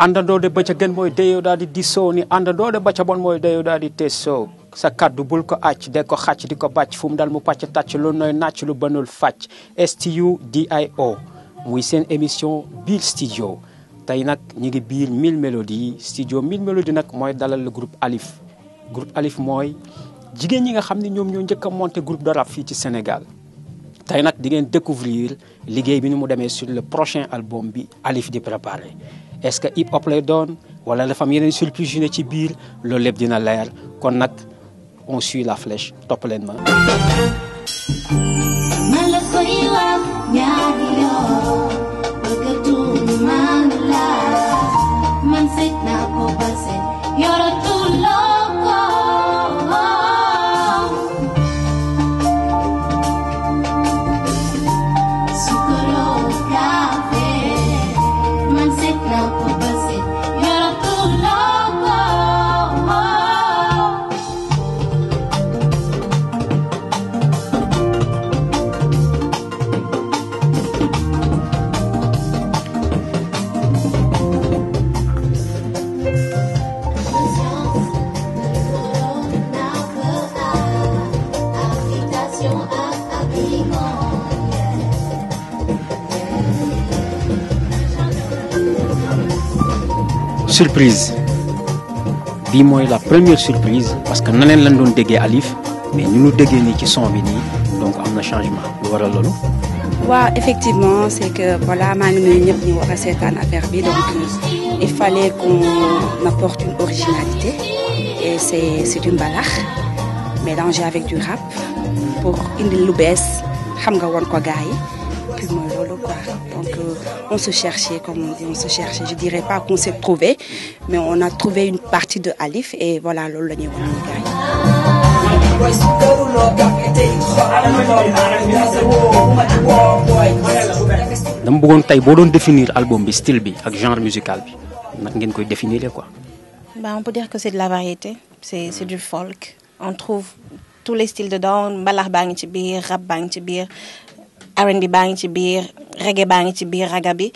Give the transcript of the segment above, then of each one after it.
àndandoode ba ca gën mooy deyoo daal di disoo ni àndandoode ba ca bon mooy deyoo daal di teesoo sa kaddu bul ko àcc de ko xàcc di ko bàcc fu mu dal mu pàcc tàcc lu nooy nàcc lu banul fàcc STUDIO muy seen émission biir studio tey nag ñu ngi biir mille mélodies studio mille mélodies nag mooy dalal la group Alif groupe Alif mooy jigéen ñi nga xam ne ñoom ñoo njëkk a group groupe de fii ci Sénégal tay nak di ngeen découvrir liggéey bi ni mu demee sur le prochain album bi Alif di préparer est-ce que hip hop lay doon wala la fam yeneen surprise yu ne ci biir loolu lépp dina leer kon nak on suit la flèche topp leen ma. man sit na ko basen yoro tu loko surprise dis la première surprise parce que nous lañ doon Alif mais nous ñu déggee qui ci son donc amna changement lu effectivement c'est que voilà ma ngi nuyu ñëpp ñu affaire donc il fallait qu'on apporte une originalité et c'est c'est une balade mélangée avec du rap pour indi lu xam nga donc, euh, on se cherchait, comme on dit, on se cherchait. Je dirais pas qu'on s'est trouvé, mais on a trouvé une partie de Alif et voilà, le dama bëggoon tey définir l'album, le style et le genre musical bi naka ngeen koy définir quoi. Bah, on peut dire que c'est de la variété, c'est du folk. On trouve tous les styles dedans, mbalax bang rap bang R&B baa ci biir reggae baa ci biir raga bi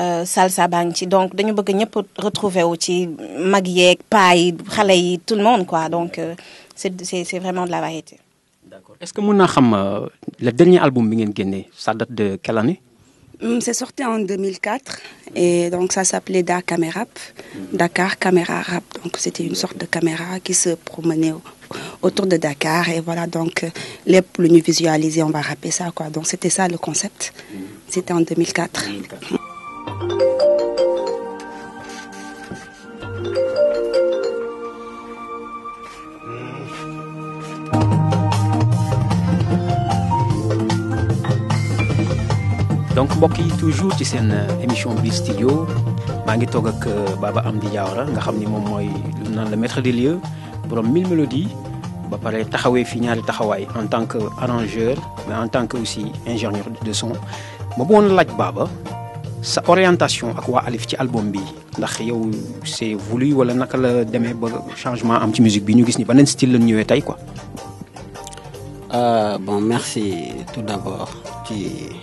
euh, salsa baa ci donc dañu bëgg ñëpp retrouver wu ci mag yeeg paa yi xale yi tout le monde quoi donc euh, c'est c'est c'est vraiment de la variété. d'accord est-ce que mën naa xam euh, le dernier album bi ngeen génnee ça date de quelle année. Mm, c'est sorti en 2004 et donc ça s'appelait Dakar Rap, Dakar Caméra Rap. Donc c'était une sorte de caméra qui se promenait autour de Dakar et voilà donc euh, les plus mieux visualiser on va rapper ça quoi. Donc c'était ça le concept. Mm. C'était en 2004. mbokk yi toujours ci seen euh, émission bi studio maa ngi toog ak euh, Baba Amdi Diawara nga xam ni moom mooy lu naan le maître des lieux borom mille mélodies ba pare taxawee fi ñaari taxawaay en tant que arrangeur mais en tant que aussi ingénieur de son ma bëggoon laaj Baba sa orientation ak waa Alif ci album bi ndax yow c'est voulu wala naka la demee ba changement am ci musique bi ñu gis ni beneen style la ñëwee tey quoi. Euh, bon merci tout d'abord ci.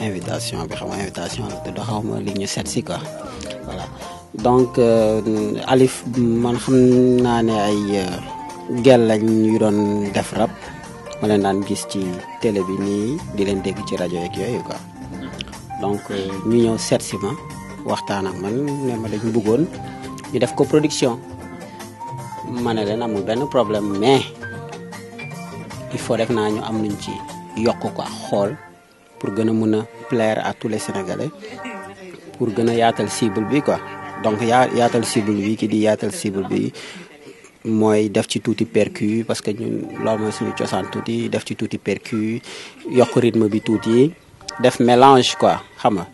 invitation bi xam invitation la tudd xawma li ñu set si quoi voilà donc euh, alif man xam naa ne ay euh, gel lañ yu doon def rap ma leen daan gis ci télé bi nii di leen dégg ci rajo yeeg yooyu quoi donc euh, ñu ñëw set si ma waxtaan ak man ne ma dañu bëggoon ñu def ko production ma ne leen amul benn problème mais il faut rek naa ñu am luñ ci yokk quoi xool pour gëna mëna plaire à tous les sénégalais eh. pour gëna yaatal cible bi quoi donc ya yaatal cible bi ki di yaatal cible bi moy def ci touti percu parce que ñun lool moy suñu cosaan touti def ci touti percu yok rythme bi touti def mélange quoi xam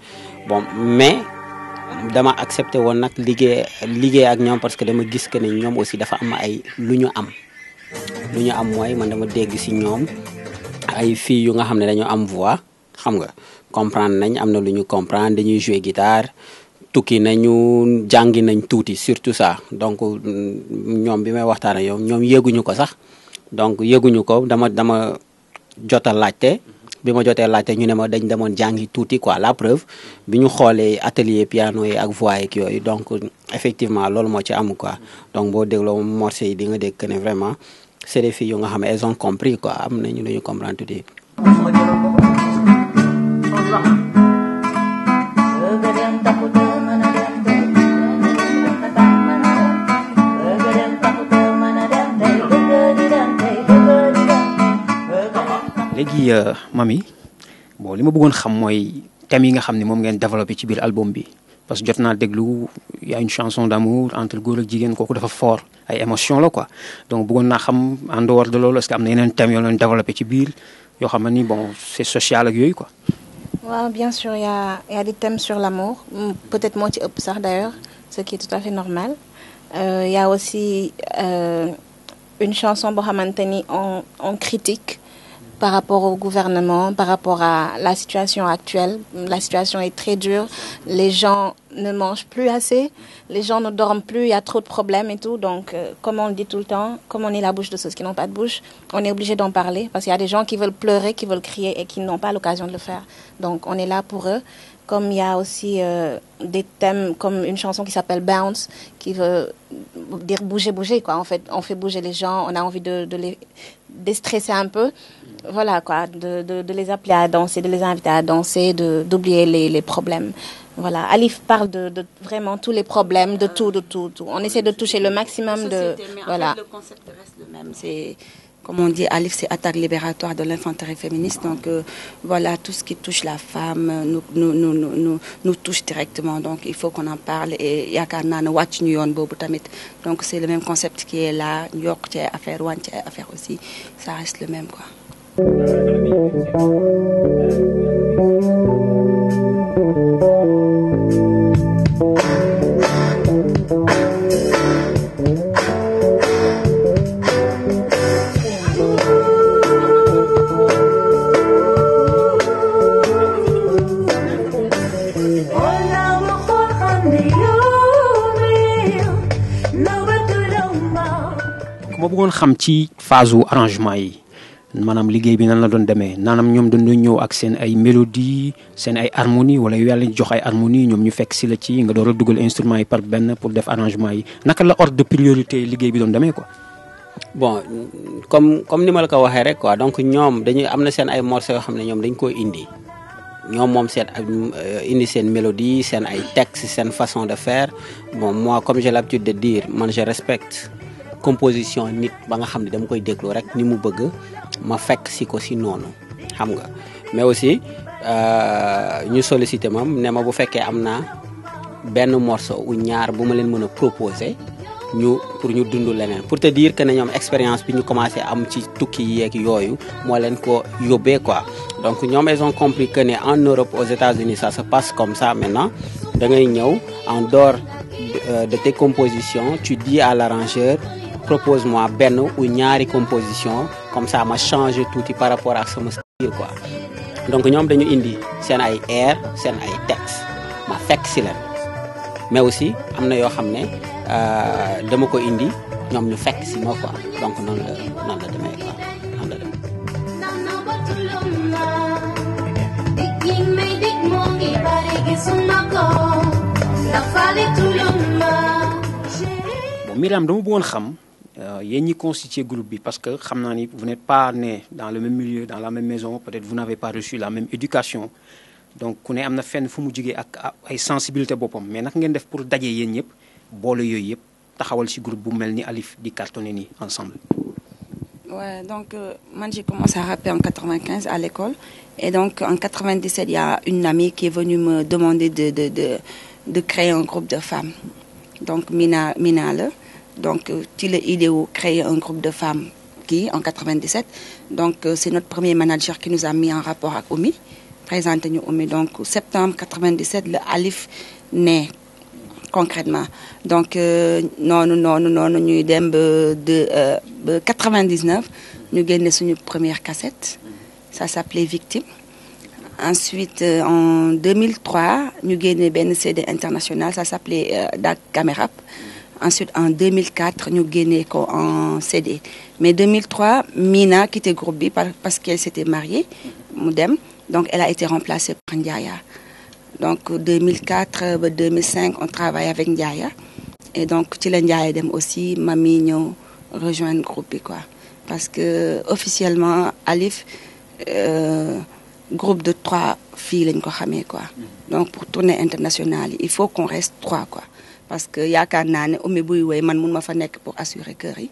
bon mais dama accepté won nak liggéey agniom. ak ñom parce que dama gis que ne ñom aussi dafa am ay luñu am luñu am moy man dama dégg si ñom ay fi yu nga xamné dañu am voix xam nga comprendre nañ am na comprendre dañuy jouer guitare tukki nañu jàngi nañ surtout ça donc ñoom bi may waxtaan ak yow ñoom ko sax donc ko dama dama jot a laajte bi ñu dañ quoi la preuve bi atelier piano ak voix donc effectivement loolu moo ci am quoi donc boo dégloo yi di nga vraiment c'est des filles yu nga xam elles ont compris quoi am nañu comprendre léegi euh, mamie bon li ma bëggoon xam mooy thèmes yi nga xam ne moom ngeen développé ci biir album bi parce que jot naa déglu y a une chanson d'amour entre góor ak jigéen kooku dafa fort ay émotion la quoi donc bëggoon naa xam en dehors de loolu est-ce que am na yeneen thèmes yoo leen développé ci biir yoo xam ni bon c'est social ak yooyu quoi. waaw bien sûr y a y a des thèmes sur l'amour mm, peut-être moo ci ëpp sax d'ailleurs ce qui est tout à fait normal euh, y a aussi euh, une chanson boo xamante ni on on critique par rapport au gouvernement, par rapport à la situation actuelle. La situation est très dure. Les gens ne mangent plus assez. Les gens ne dorment plus. Il y a trop de problèmes et tout. Donc, euh, comme on le dit tout le temps, comme on est la bouche de ceux qui n'ont pas de bouche, on est obligé d'en parler parce qu'il y a des gens qui veulent pleurer, qui veulent crier et qui n'ont pas l'occasion de le faire. Donc, on est là pour eux. Comme il y a aussi euh, des thèmes comme une chanson qui s'appelle Bounce, qui veut dire bouger, bouger, quoi. En fait, on fait bouger les gens, on a envie de, de les déstresser un peu. Voilà quoi, de, de, les appeler à danser, de les inviter à danser, d'oublier les, les, problèmes. Voilà, Alif parle de, de, vraiment tous les problèmes, de tout, de tout, tout. On essaie de toucher le maximum de. voilà. le concept reste le même. C'est comme on dit, Alif, c'est attaque libératoire de l'infanterie féministe. Donc euh, voilà, tout ce qui touche la femme euh, nous, nous, touche directement. Donc il faut qu'on en parle. Et yakana Watch New York, Bobutamit. Donc c'est le même concept qui est là. New York, tu affaire, One, tu affaire aussi. Ça reste le même, quoi. boobu ngoon xam ci phase arrangement yi manam liggéey bi nan la doon demee nanam ñoom dañ doon ñëw ak seen ay mélodie seen ay harmonie wala yàlla jox ay harmonie ñoom ñu fekk si la ci nga door a dugal instrument yi par benn pour def arrangement yi naka la ordre de priorité liggéey bi doon demee quoi. bon comme comme ni ma la ko waxee rek quoi donc ñoom dañuy am na seen ay morceaux yoo xam ne ñoom dañ koo indi ñoom moom seen euh, indi seen mélodie seen ay textes seen façon de faire bon moi comme j'ai l'habitude de dire man je respecte composition nit ba nga xam ne dama koy déglu rek ni mu bëgg ma fekk si ko si xam nga mais aussi euh, ñu sollicité mam ne ma bu fekkee am naa benn morceau u ñaar bu ma leen mën a proposé ñu pour ñu dund leneen pour te dire que ne ñoom expérience bi ñu commencé am ci tukki yeeg yooyu moo leen ko yóbbee quoi donc ñoom ils ont compris que en Europe aux États-Unis ça se passe comme ça maintenant da ngay ñëw en dehors de euh, tes compositions tu dis à l'arrangeur propose-moi ben ou ñaari composition comme ça ma changer tuuti par rapport ak sama style quoi donc ñom dañu indi sen ay air sen ay texte ma fek ci leen mais aussi amna yo xamné euh dama ko indi ñom ñu fek ci moko quoi donc non la noonu la demee quoi noonu la demee. bon Myriam dama bëggoon xam. Euh, yéen ñi constitué groupe bi parce que xam ni vous n'êtes pas né dans le même milieu dans la même maison peut-être vous n'avez pas reçu la même éducation donc ku ne am na fenn fu mu jugee ak ay sensibilité boppam mais naka ngeen def pour daje yéen ñëpp boole yooyu yëpp taxawal ci groupe bu mel ni Alif di cartonné ni ensemble. Ouais, donc euh, moi j'ai commencé à rapper en 95 à l'école et donc en 97 il y a une amie qui est venue me demander de de de, de créer un groupe de femmes donc Mina Mina le. Donc, euh, Tile de créer un groupe de femmes qui, en 97, donc euh, c'est notre premier manager qui nous a mis en rapport avec Omi, présente nous Omi. Donc, septembre 97, le Alif naît concrètement. Donc, non, euh, non, non, non, nous sommes de 99, nous avons notre première cassette, ça s'appelait Victime. Ensuite, en 2003, nous avons une CD international, ça s'appelait Da Camerap ensuite en 2004 nous génnee ko en CD mais 2003 Mina quitté groupe groupée parce qu'elle s'était mariée donc elle a été remplacée par Ndiaya donc 2004 2005 on travaille avec Ndiaya et donc aussi Mamino, rejoint le groupe quoi parce que officiellement Alif euh, groupe de trois filles quoi donc pour tourner international, il faut qu'on reste trois quoi parce que yaakaar naa ne Oumy buy woy man mun ma fa nekk pour assurer kër yi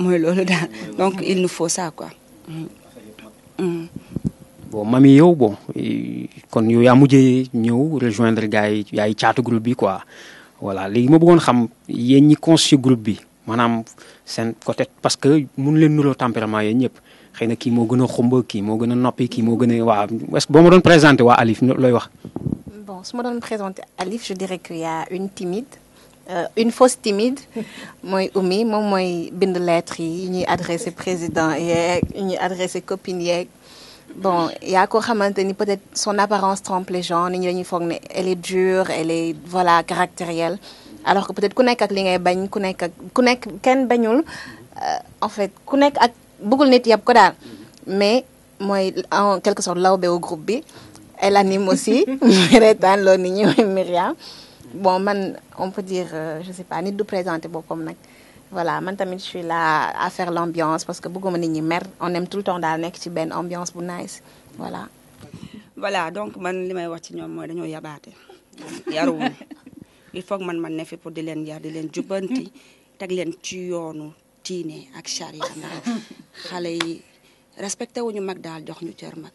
mooy loolu daal donc il nous faut ça quoi. Mm. Mm. bon mami yow bon kon yow yaa mujjee ñëw rejoindre gars yi yaay caatu groupe bi quoi voilà léegi ma bëggoon xam yéen ñi conçu groupe bi maanaam seen côté parce que mun leen nuroo tempérament yéen ñëpp xëy na kii moo gën a xumba kii moo gën a noppi kii moo gën a waa est ma doon présenté waa Alif looy wax. Bon, je me présente présenter Alif je dirais qu'il y a une timide euh, une fausse timide mooy Oumy moom mooy de lettres yi une adressé président a une adressé copine Bon, bon y a encore ni peut-être son apparence trompe les gens Il y a elle est dure elle est voilà caractérielle alors que peut-être ku nekk ak li ngay bañ ku nekk ak ku euh, en fait ku a ak bëggul nit mm-hmm. mais moi, en quelque sorte lawbe au groupe B elle anime aussi bon on peut dire euh, je sais pas ni de présenter beaucoup. voilà maintenant je suis là à faire l'ambiance parce que beaucoup on aime tout le temps d'aller une ambiance nice voilà. voilà donc man il faut que man man pour yar ak yi